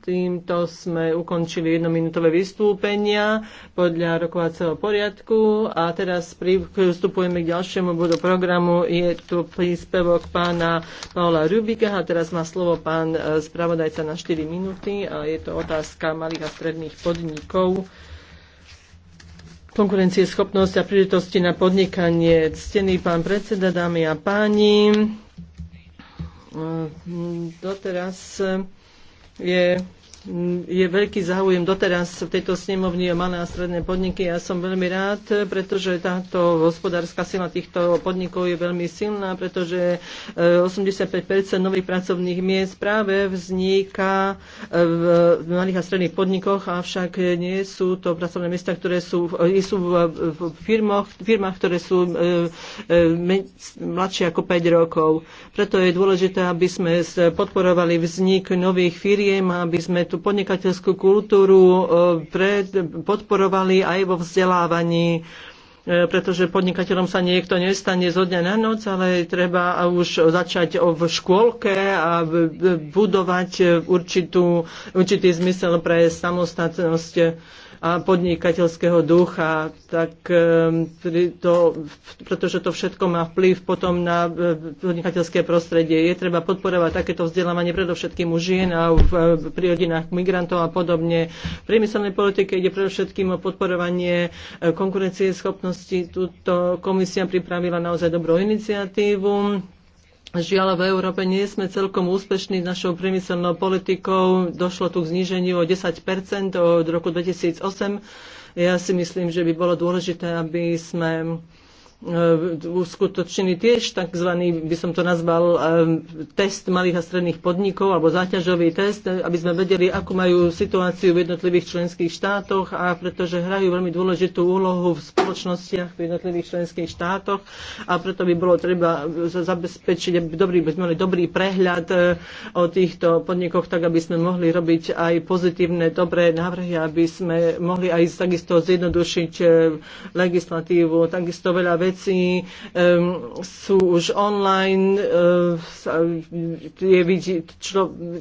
Týmto sme ukončili jednominútové vystúpenia podľa rokovacieho poriadku a teraz pristupujeme k ďalšiemu bodu programu. Je tu príspevok pána Paula Rubika a teraz má slovo pán e, spravodajca na 4 minúty a je to otázka malých a stredných podnikov Konkurencie schopnosť a príležitosti na podnikanie. Ctený pán predseda, dámy a páni, e, doteraz je je veľký záujem doteraz v tejto snemovni o malé a stredné podniky. Ja som veľmi rád, pretože táto hospodárska sila týchto podnikov je veľmi silná, pretože 85 eh, nových pracovných miest práve vzniká eh, v malých a stredných podnikoch, avšak nie sú to pracovné miesta, ktoré sú, eh, sú v firmoch, firmách, ktoré sú mladšie ako 5 rokov. Preto je dôležité, aby sme podporovali vznik nových firiem, aby sme tú podnikateľskú kultúru e, podporovali aj vo vzdelávaní e, pretože podnikateľom sa niekto nestane zo dňa na noc, ale treba už začať v škôlke a budovať e, určitú, určitý zmysel pre samostatnosť a podnikateľského ducha, tak ehm, to, pretože to všetko má vplyv potom na e, podnikateľské prostredie. Je treba podporovať takéto vzdelávanie predovšetkým u žien a v, e, pri rodinách migrantov a podobne. V priemyselnej politike ide predovšetkým o podporovanie e, konkurencie schopnosti. Tuto komisia pripravila naozaj dobrú iniciatívu Žiaľ, v Európe nie sme celkom úspešní s našou priemyselnou politikou. Došlo tu k zníženiu o 10 od roku 2008. Ja si myslím, že by bolo dôležité, aby sme E, uskutočnený tiež tzv. by som to nazval e, test malých a stredných podnikov alebo záťažový test, e, aby sme vedeli, akú majú situáciu v jednotlivých členských štátoch a pretože hrajú veľmi dôležitú úlohu v spoločnostiach v jednotlivých členských štátoch a preto by bolo treba zabezpečiť, aby, dobrý, aby sme mali dobrý prehľad o týchto podnikoch, tak aby sme mohli robiť aj pozitívne, dobré návrhy, aby sme mohli aj takisto zjednodušiť legislatívu, takisto veľa vecí veci sú už online, je,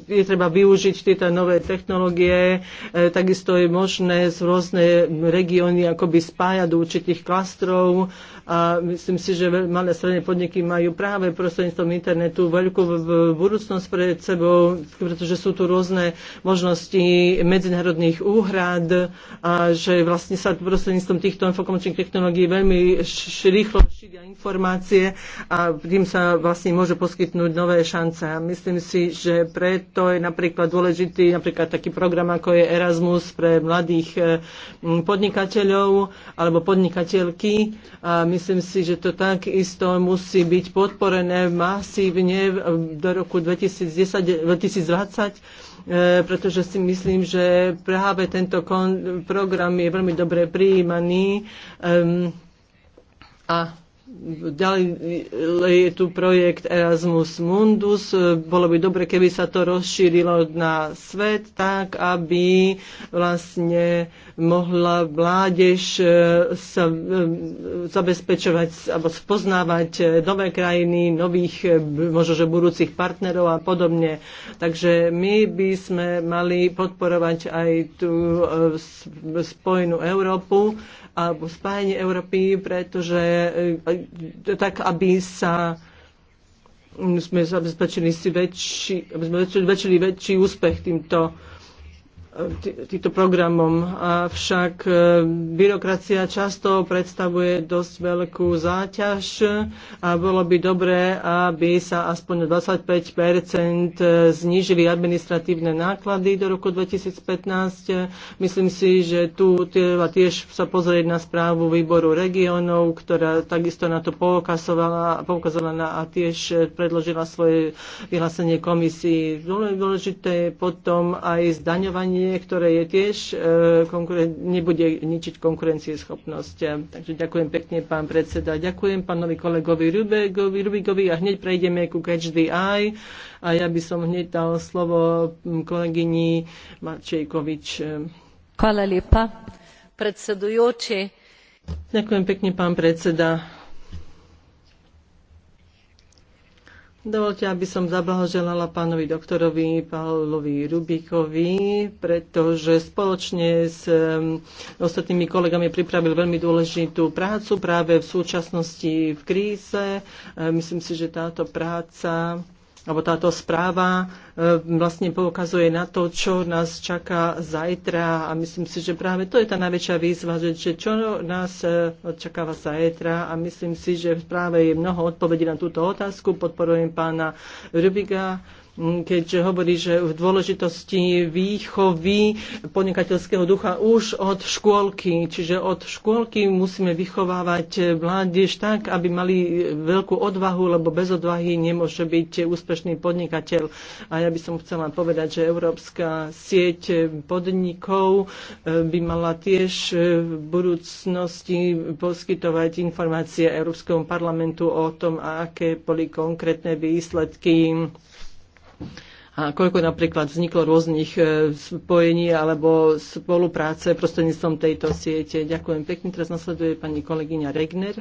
je treba využiť tieto nové technológie, eh, takisto je možné z rôzne regióny akoby spájať do určitých klastrov a myslím si, že malé stredné podniky majú práve prostredníctvom internetu veľkú budúcnosť pred sebou, pretože sú tu rôzne možnosti medzinárodných úhrad a že vlastne sa prostredníctvom týchto informačných technológií veľmi šíri rýchlo šíria informácie a tým sa vlastne môže poskytnúť nové šance. A myslím si, že preto je napríklad dôležitý napríklad taký program, ako je Erasmus pre mladých eh, podnikateľov alebo podnikateľky. A myslím si, že to takisto musí byť podporené masívne eh, do roku 2010, 2020 eh, pretože si myslím, že práve tento program je veľmi dobre prijímaný. Um, a Ďalej eh, je tu projekt Erasmus Mundus. Eh, bolo by dobre, keby sa to rozšírilo na svet tak, aby vlastne mohla mládež eh, sa zabezpečovať alebo spoznávať nové krajiny, nových možno, že budúcich partnerov a podobne. Takže my by sme mali podporovať aj tú spojenú Európu alebo spájanie Európy, pretože tak aby sa mm, sme zabezpečili si väčší, aby sme väčšili väčší úspech týmto týmto programom. Avšak e, byrokracia často predstavuje dosť veľkú záťaž a bolo by dobré, aby sa aspoň 25 znížili administratívne náklady do roku 2015. Myslím si, že tu treba tiež sa pozrieť na správu výboru regionov, ktorá takisto na to poukazovala, poukazovala a tiež predložila svoje vyhlásenie komisii. Dôležité je potom aj zdaňovanie Niektoré ktoré je tiež e, konkuren- nebude ničiť konkurencieschopnosť. Takže ďakujem pekne, pán predseda. Ďakujem pánovi kolegovi Rubigovi, Rubigovi a hneď prejdeme ku Catch the Eye. A ja by som hneď dal slovo kolegyni Mačejkovič. Hvala lepa, predsedujúci. Ďakujem pekne, pán predseda Dovolte, aby som zablahoželala pánovi doktorovi Pavlovi Rubíkovi, pretože spoločne s ostatnými kolegami pripravil veľmi dôležitú prácu práve v súčasnosti v kríze. Myslím si, že táto práca alebo táto správa e, vlastne poukazuje na to, čo nás čaká zajtra a myslím si, že práve to je tá najväčšia výzva, že, čo nás e, očakáva zajtra a myslím si, že práve je mnoho odpovedí na túto otázku. Podporujem pána Rubiga, Mm, keďže hovorí, že v dôležitosti výchovy podnikateľského ducha už od škôlky. Čiže od škôlky musíme vychovávať mládež tak, aby mali veľkú odvahu, lebo bez odvahy nemôže byť úspešný podnikateľ. A ja by som chcela povedať, že Európska sieť podnikov e, by mala tiež v budúcnosti poskytovať informácie Európskom parlamentu o tom, aké boli konkrétne výsledky a koľko napríklad vzniklo rôznych e, spojení alebo spolupráce prostredníctvom tejto siete. Ďakujem pekne. Teraz nasleduje pani kolegyňa Regner.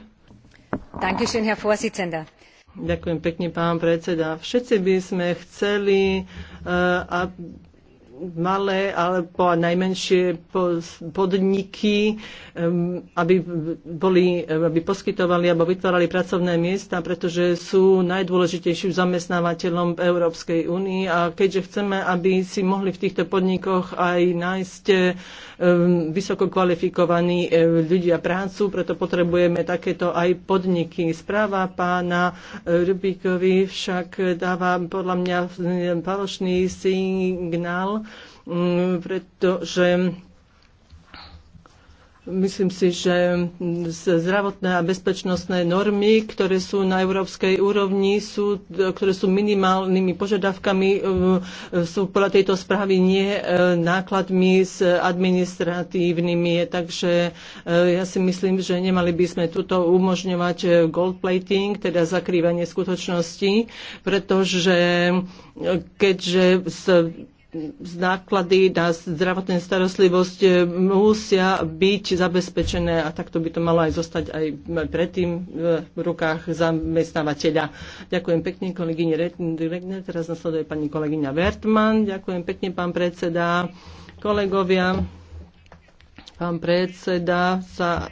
Dankeschön, Herr Vorsitzender. Ďakujem pekne, pán predseda. Všetci by sme chceli, uh, malé alebo najmenšie podniky, aby, boli, aby poskytovali alebo vytvárali pracovné miesta, pretože sú najdôležitejším zamestnávateľom v Európskej únii a keďže chceme, aby si mohli v týchto podnikoch aj nájsť vysoko kvalifikovaní ľudia prácu, preto potrebujeme takéto aj podniky. Správa pána e, Rubíkovi však dáva podľa mňa falošný signál, Mm, pretože Myslím si, že zdravotné a bezpečnostné normy, ktoré sú na európskej úrovni, sú, ktoré sú minimálnymi požiadavkami, e, e, sú podľa tejto správy nie e, nákladmi s administratívnymi. Takže ja si myslím, že nemali by sme tuto umožňovať gold plating, teda zakrývanie skutočnosti, pretože keďže náklady na zdravotnú starostlivosť e, musia byť zabezpečené a takto by to malo aj zostať aj predtým e, v rukách zamestnávateľa. Ďakujem pekne kolegyni Regner, teraz nasleduje pani kolegyňa Wertmann. Ďakujem pekne pán predseda, kolegovia. Pán predseda sa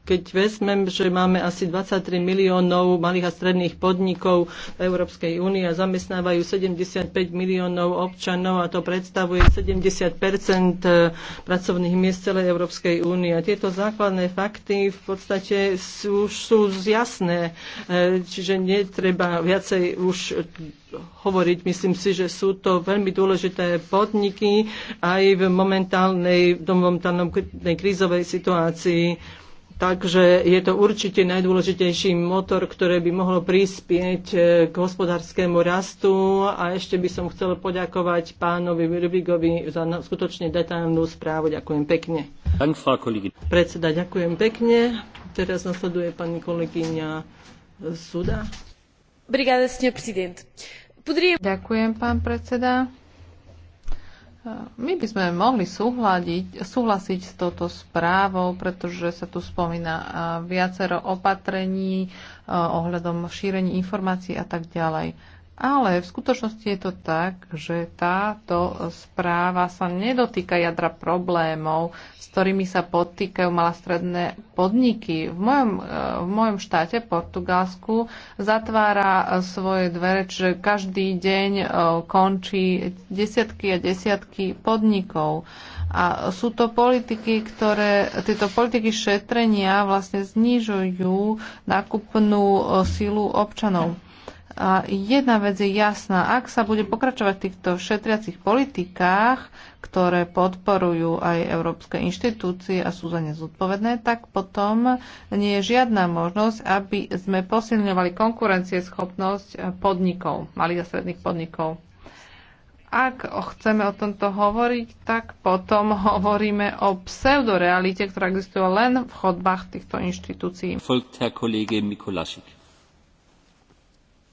keď vezmem, že máme asi 23 miliónov malých a stredných podnikov v Európskej únie a zamestnávajú 75 miliónov občanov a to predstavuje 70 eh, pracovných miest celej Európskej únie. tieto základné fakty v podstate sú, sú jasné, eh, čiže netreba viacej už hovoriť. Myslím si, že sú to veľmi dôležité podniky aj v momentálnej, v momentálnej krízovej situácii. Takže je to určite najdôležitejší motor, ktoré by mohlo prispieť e, k hospodárskému rastu. A ešte by som chcel poďakovať pánovi Rubigovi za skutočne detailnú správu. Ďakujem pekne. Predseda, ďakujem pekne. Teraz nasleduje pani kolegyňa Suda. Ďakujem, pán predseda. My by sme mohli súhľadiť, súhlasiť s touto správou, pretože sa tu spomína viacero opatrení ohľadom šírení informácií a tak ďalej. Ale v skutočnosti je to tak, že táto správa sa nedotýka jadra problémov, s ktorými sa potýkajú malostredné podniky. V mojom, e, v mojom štáte, Portugalsku, zatvára svoje dvere, čiže každý deň e, končí desiatky a desiatky podnikov. A sú to politiky, ktoré, tieto politiky šetrenia vlastne znižujú nákupnú e, silu občanov a jedna vec je jasná. Ak sa bude pokračovať v týchto šetriacich politikách, ktoré podporujú aj európske inštitúcie a sú za ne zodpovedné, tak potom nie je žiadna možnosť, aby sme posilňovali konkurencieschopnosť podnikov, malých a stredných podnikov. Ak chceme o tomto hovoriť, tak potom hovoríme o pseudorealite, ktorá existuje len v chodbách týchto inštitúcií. Folgt Herr Kollege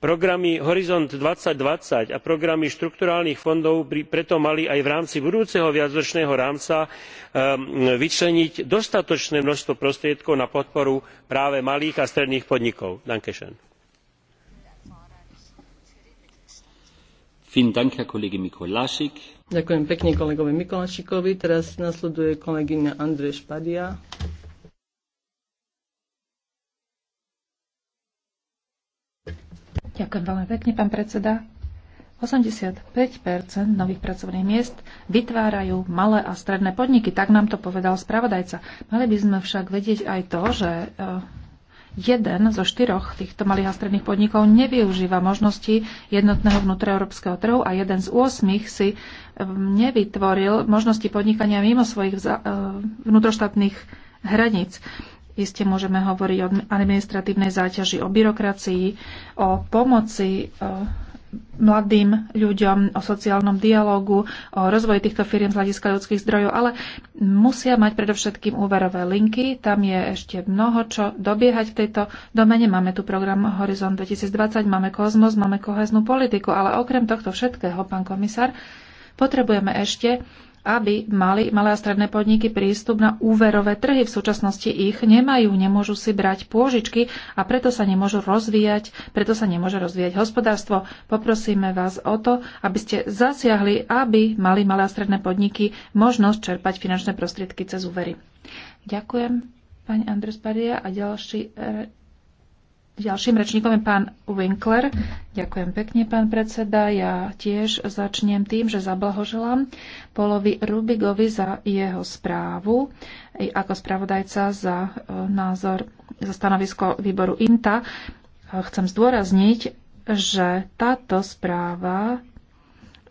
programy horizont two thousand and twenty a programy štrukturálnych fondov by preto mali aj v rámci budúceho viacročného rámca ehm, vyčleniť dostatočné množstvo prostriedkov na podporu práve malých a stredných podnikov. ďakujem pekne kolegovi teraz nasleduje kolegyňa Ďakujem veľmi pekne, pán predseda. 85 nových pracovných miest vytvárajú malé a stredné podniky, tak nám to povedal spravodajca. Mali by sme však vedieť aj to, že eh, jeden zo štyroch týchto malých a stredných podnikov nevyužíva možnosti jednotného vnútroeurópskeho trhu a jeden z osmých si eh, nevytvoril možnosti podnikania mimo svojich eh, vnútroštátnych hraníc. Iste môžeme hovoriť o administratívnej záťaži, o byrokracii, o pomoci e, mladým ľuďom, o sociálnom dialogu, o rozvoji týchto firiem z hľadiska ľudských zdrojov, ale musia mať predovšetkým úverové linky. Tam je ešte mnoho čo dobiehať v tejto domene. Máme tu program Horizon 2020, máme kozmos, máme koheznú politiku, ale okrem tohto všetkého, pán komisár, potrebujeme ešte aby mali malé a stredné podniky prístup na úverové trhy. V súčasnosti ich nemajú, nemôžu si brať pôžičky a preto sa nemôžu rozvíjať, preto sa nemôže rozvíjať hospodárstvo. Poprosíme vás o to, aby ste zasiahli, aby mali malé a stredné podniky možnosť čerpať finančné prostriedky cez úvery. Ďakujem, pani Andres Paria a ďalší eh, Ďalším rečníkom je pán Winkler. Ďakujem pekne, pán predseda. Ja tiež začnem tým, že zablahoželám Polovi Rubigovi za jeho správu ako spravodajca za e, názor, za stanovisko výboru INTA. E, chcem zdôrazniť, že táto správa e,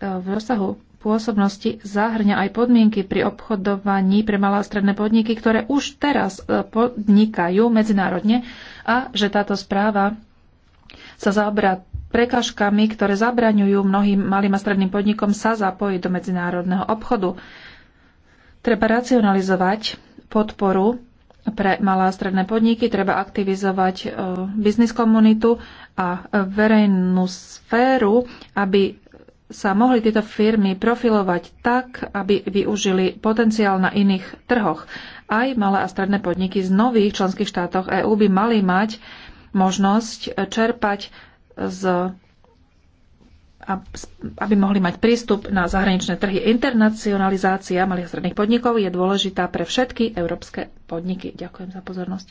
v rozsahu pôsobnosti zahrňa aj podmienky pri obchodovaní pre malé a stredné podniky, ktoré už teraz e, podnikajú medzinárodne a že táto správa sa zaoberá prekažkami, ktoré zabraňujú mnohým malým a stredným podnikom sa zapojiť do medzinárodného obchodu. Treba racionalizovať podporu pre malé a stredné podniky, treba aktivizovať e, biznis komunitu a verejnú sféru, aby sa mohli tieto firmy profilovať tak, aby využili potenciál na iných trhoch. Aj malé a stredné podniky z nových členských štátoch EÚ by mali mať možnosť čerpať z aby mohli mať prístup na zahraničné trhy. Internacionalizácia malých a stredných podnikov je dôležitá pre všetky európske podniky. Ďakujem za pozornosť.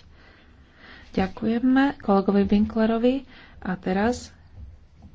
Ďakujeme kolegovi Winklerovi. A teraz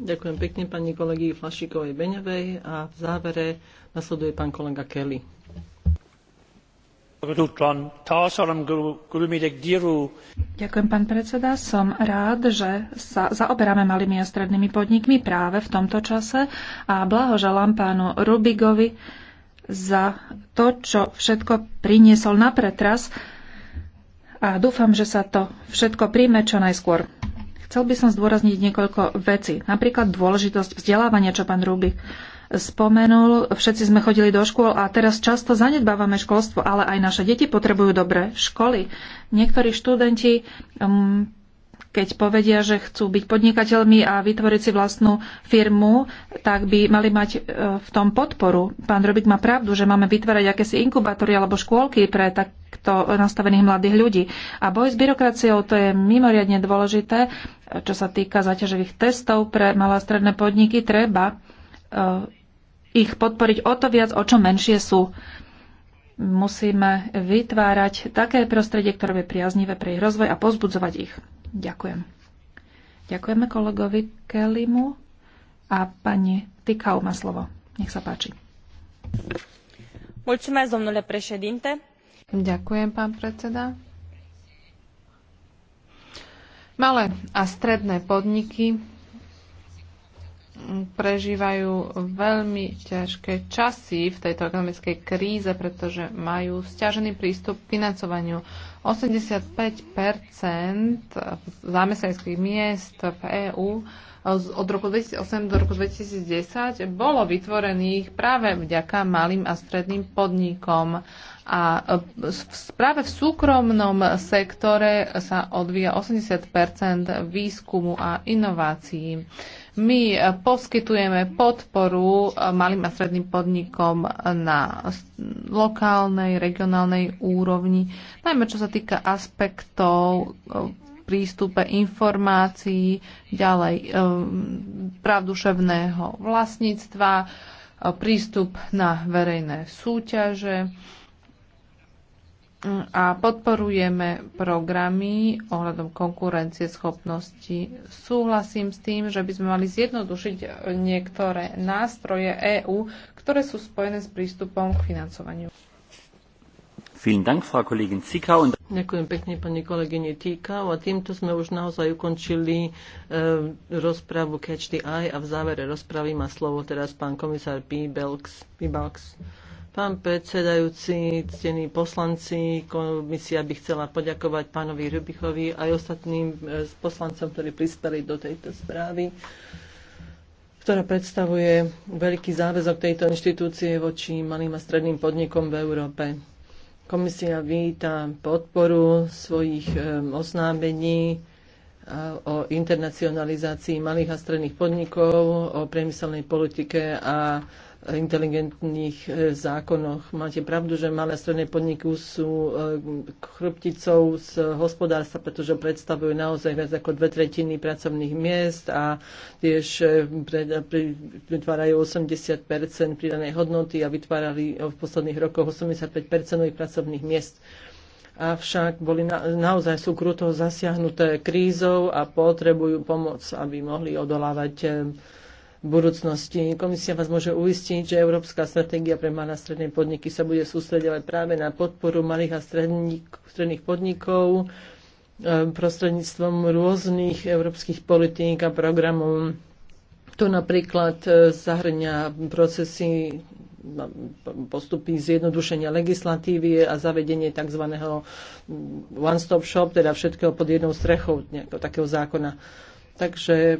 Ďakujem pekne pani kolegy Flašikovej Beňovej a v závere nasleduje pán kolega Kelly. Ďakujem, pán predseda. Som rád, že sa zaoberáme malými a strednými podnikmi práve v tomto čase a blahoželám pánu Rubigovi za to, čo všetko priniesol na pretras a dúfam, že sa to všetko príjme čo najskôr. Chcel by som zdôrazniť niekoľko vecí. Napríklad dôležitosť vzdelávania, čo pán Rubik spomenul. Všetci sme chodili do škôl a teraz často zanedbávame školstvo, ale aj naše deti potrebujú dobré školy. Niektorí študenti um, keď povedia, že chcú byť podnikateľmi a vytvoriť si vlastnú firmu, tak by mali mať e, v tom podporu. Pán Robik má pravdu, že máme vytvárať akési inkubátory alebo škôlky pre takto nastavených mladých ľudí. A boj s byrokraciou to je mimoriadne dôležité, čo sa týka zaťažových testov pre malé a stredné podniky. Treba e, ich podporiť o to viac, o čo menšie sú musíme vytvárať také prostredie, ktoré je priaznivé pre ich rozvoj a pozbudzovať ich. Ďakujem. Ďakujeme kolegovi Kelimu a pani Tikau má slovo. Nech sa páči. Mulțumesc, domnule președinte. Ďakujem, pán predseda. Malé a stredné podniky prežívajú veľmi ťažké časy v tejto ekonomickej kríze, pretože majú stiažený prístup k financovaniu. 85 zamestnanských miest v EÚ od roku 2008 do roku 2010 bolo vytvorených práve vďaka malým a stredným podnikom. A e, práve v súkromnom sektore sa odvíja 80 výskumu a inovácií. My eh, poskytujeme podporu eh, malým a stredným podnikom na lokálnej, regionálnej úrovni, najmä čo sa týka aspektov eh, prístupe informácií, ďalej pravduševného vlastníctva, prístup na verejné súťaže a podporujeme programy ohľadom konkurencie schopnosti. Súhlasím s tým, že by sme mali zjednodušiť niektoré nástroje EÚ, ktoré sú spojené s prístupom k financovaniu. Ďakujem pekne pani kolegyne Týka. A týmto sme už naozaj ukončili e, rozpravu Catch the Eye a v závere rozpravy má slovo teraz pán komisár P. Belks. P. Belks. Pán predsedajúci, ctení poslanci, komisia by chcela poďakovať pánovi Rubichovi aj ostatným e, poslancom, ktorí prispeli do tejto správy ktorá predstavuje veľký záväzok tejto inštitúcie voči malým a stredným podnikom v Európe. Komisia víta podporu svojich e, oznámení e, o internacionalizácii malých a stredných podnikov, o priemyselnej politike a inteligentných e, zákonoch. Máte pravdu, že malé stredné podniky sú e, chrbticou z hospodárstva, pretože predstavujú naozaj viac ako dve tretiny pracovných miest a tiež e, vytvárajú 80 pridanej hodnoty a vytvárali v posledných rokoch 85 nových pracovných miest avšak boli na, naozaj sú kruto zasiahnuté krízou a potrebujú pomoc, aby mohli odolávať v budúcnosti. Komisia vás môže uistiť, že Európska stratégia pre malé a stredné podniky sa bude sústredovať práve na podporu malých a stredných podnikov e, prostredníctvom rôznych európskych politík a programov. To napríklad e, zahrňa procesy no, postupy zjednodušenia legislatívy a zavedenie tzv. one-stop shop, teda všetkého pod jednou strechou, nejakého takého zákona. Takže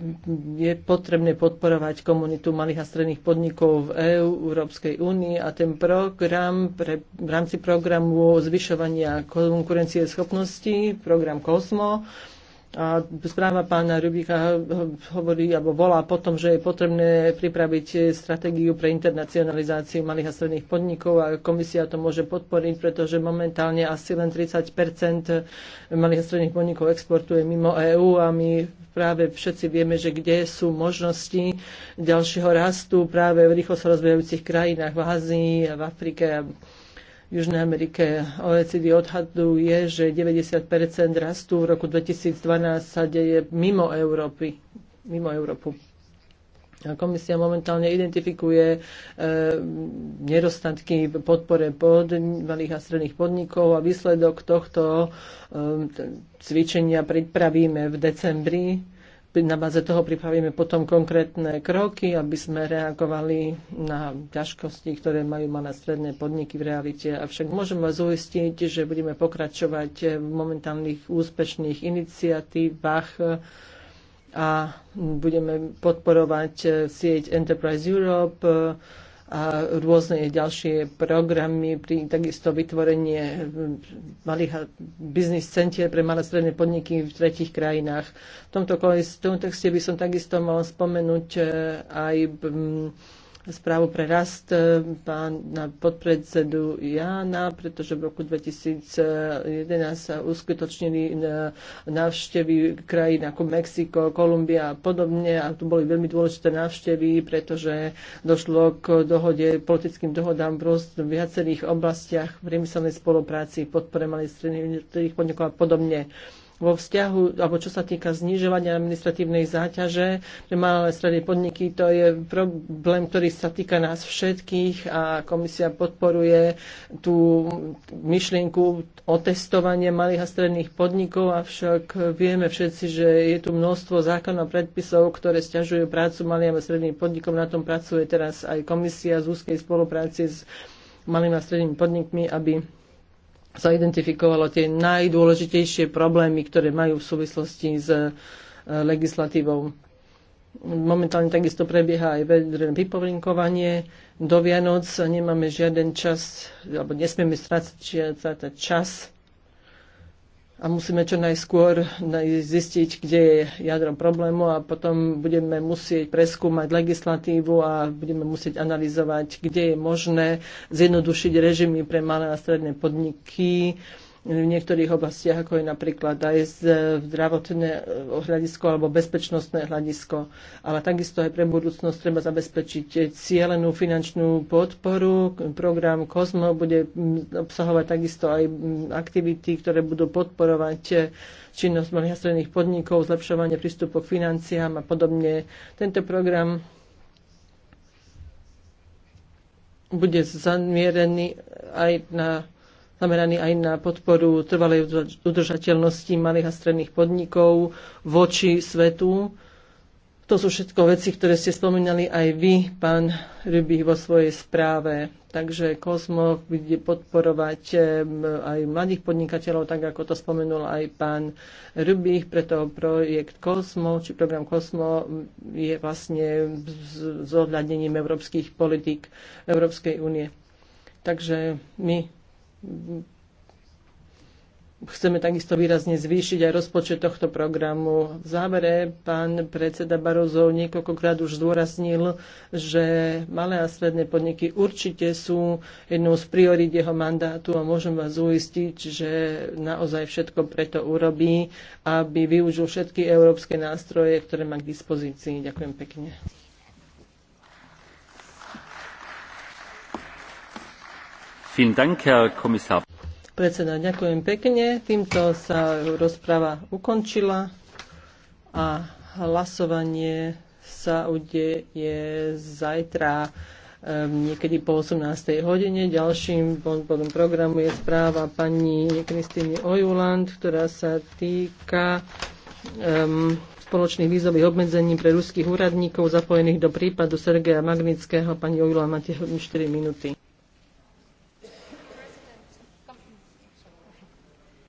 je potrebné podporovať komunitu malých a stredných podnikov v EÚ, Európskej únii a ten program pre, v rámci programu zvyšovania konkurencie schopností, program COSMO, a správa pána Rubika hovorí alebo volá potom, že je potrebné pripraviť stratégiu pre internacionalizáciu malých a stredných podnikov a komisia to môže podporiť, pretože momentálne asi len 30 malých a stredných podnikov exportuje mimo EÚ a my práve všetci vieme, že kde sú možnosti ďalšieho rastu práve v rýchlo sa rozvíjajúcich krajinách v Ázii, v Afrike v Južnej Amerike. OECD odhaduje, že 90 rastu v roku 2012 sa deje mimo Európy. Mimo Európu. Komisia momentálne identifikuje e, nedostatky v podpore pod malých a stredných podnikov a výsledok tohto e, cvičenia pripravíme v decembri na báze toho pripravíme potom konkrétne kroky, aby sme reagovali na ťažkosti, ktoré majú malé stredné podniky v realite. Avšak môžem vás uistiť, že budeme pokračovať v momentálnych úspešných iniciatívach a budeme podporovať sieť Enterprise Europe, a rôzne ďalšie programy, pri takisto vytvorenie malých biznis centier pre malé stredné podniky v tretich krajinách. V tomto kontexte by som takisto mal spomenúť eh, aj mm, správu pre rast e, pána podpredsedu Jána, pretože v roku 2011 sa uskutočnili e, návštevy krajín ako Mexiko, Kolumbia a podobne a tu boli veľmi dôležité návštevy, pretože došlo k dohode, politickým dohodám v viacerých oblastiach v priemyselnej spolupráci, podpore malých stredných podnikov a podobne vo vzťahu, alebo čo sa týka znižovania administratívnej záťaže pre malé stredné podniky, to je problém, ktorý sa týka nás všetkých a komisia podporuje tú myšlienku o testovanie malých a stredných podnikov, avšak vieme všetci, že je tu množstvo zákonov predpisov, ktoré stiažujú prácu malým a stredným podnikom. Na tom pracuje teraz aj komisia z úzkej spolupráci s malými a strednými podnikmi, aby sa identifikovalo tie najdôležitejšie problémy, ktoré majú v súvislosti s e, legislatívou. Momentálne takisto prebieha aj vypovinkovanie do Vianoc. Nemáme žiaden čas, alebo nesmieme strácať čas a musíme čo najskôr zistiť, kde je jadrom problému a potom budeme musieť preskúmať legislatívu a budeme musieť analyzovať, kde je možné zjednodušiť režimy pre malé a stredné podniky, v niektorých oblastiach, ako je napríklad aj e, zdravotné e, hľadisko alebo bezpečnostné hľadisko. Ale takisto aj pre budúcnosť treba zabezpečiť e, cielenú finančnú podporu. Program COSMO bude obsahovať takisto aj aktivity, ktoré budú podporovať činnosť malých a stredných podnikov, zlepšovanie prístupu k financiám a podobne. Tento program bude zamierený aj na zameraný aj na podporu trvalej udržateľnosti malých a stredných podnikov voči svetu. To sú všetko veci, ktoré ste spomínali aj vy, pán Rybich, vo svojej správe. Takže Kozmo bude podporovať aj mladých podnikateľov, tak ako to spomenul aj pán Rybich. Preto projekt Kozmo, či program Kozmo je vlastne zohľadnením európskych politík Európskej únie. Takže my Chceme takisto výrazne zvýšiť aj rozpočet tohto programu. V závere pán predseda Barozov niekoľkokrát už zdôraznil, že malé a stredné podniky určite sú jednou z priorít jeho mandátu a môžem vás uistiť, že naozaj všetko preto urobí, aby využil všetky európske nástroje, ktoré má k dispozícii. Ďakujem pekne. Predseda, ďakujem pekne. Týmto sa rozprava ukončila a hlasovanie sa udeje zajtra ehm, niekedy po 18. hodine. Ďalším bodom programu je správa pani Kristýny Ojuland, ktorá sa týka um, spoločných vízových obmedzení pre ruských úradníkov zapojených do prípadu Sergeja Magnického. Pani Ojuland, máte 4 minúty.